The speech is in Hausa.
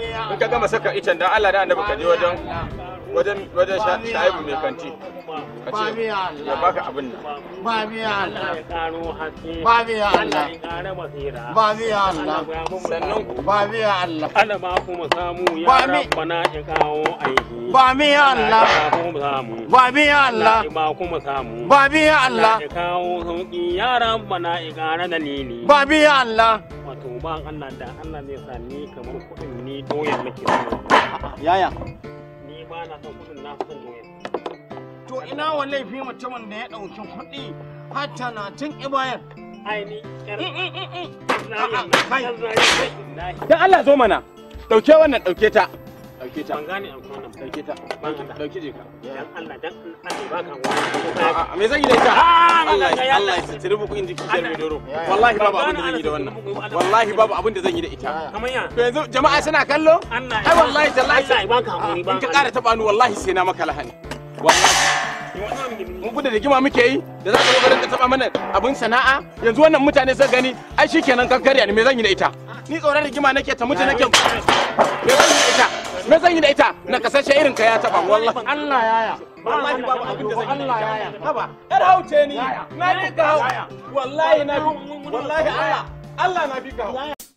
in ka gama saka icen dan Allah da annabi ka je wajen wajen sha'ibu mai kanti ka ce ya baka abin nan ba mi ya Allah ba mi Allah ba mi Allah sannan ba mi ya Allah ana ba ku mu samu ya na ya kawo aiki ba mi ya Allah ba mi ya Allah ba ku mu samu ba mi ya Allah ya kawo sauki ya na ya kara dalili ba mi ya Allah wato ba Allah da Allah ne sani kamar kudin ni doyar nake yaya son na son to ina wa laifi mutumin da ya ɗauki kuɗi har tun ibayar aini da Allah zo mana ɗauke wannan ɗauke ta dauke ta gane dauke ta dauke je ka dan Allah dan Allah ba ka wani me zan yi da ita ah, Allah Allah ya tsire muku inji mai doro wallahi babu abin da zan yi da wannan wallahi babu abin da zan yi da ita kamar ya to yanzu jama'a suna kallo ai wallahi tallahi ba ka hakuri ba ka kara taba ni wallahi sai na maka lahani mun gudu muke yi da za ka zo ka taba mana abin sana'a yanzu wannan mutane sun gani ai shikenan ne me zan yi da ita ni tsoron rigima nake ta mutu nake me zan yi me zan yi da ita na kasashe irin ka ya taba wallahi Allah ya ya wallahi babu abin da zan yi Allah ya ya haba yar hauce ni na bi ka wallahi na bi wallahi Allah Allah na bi ka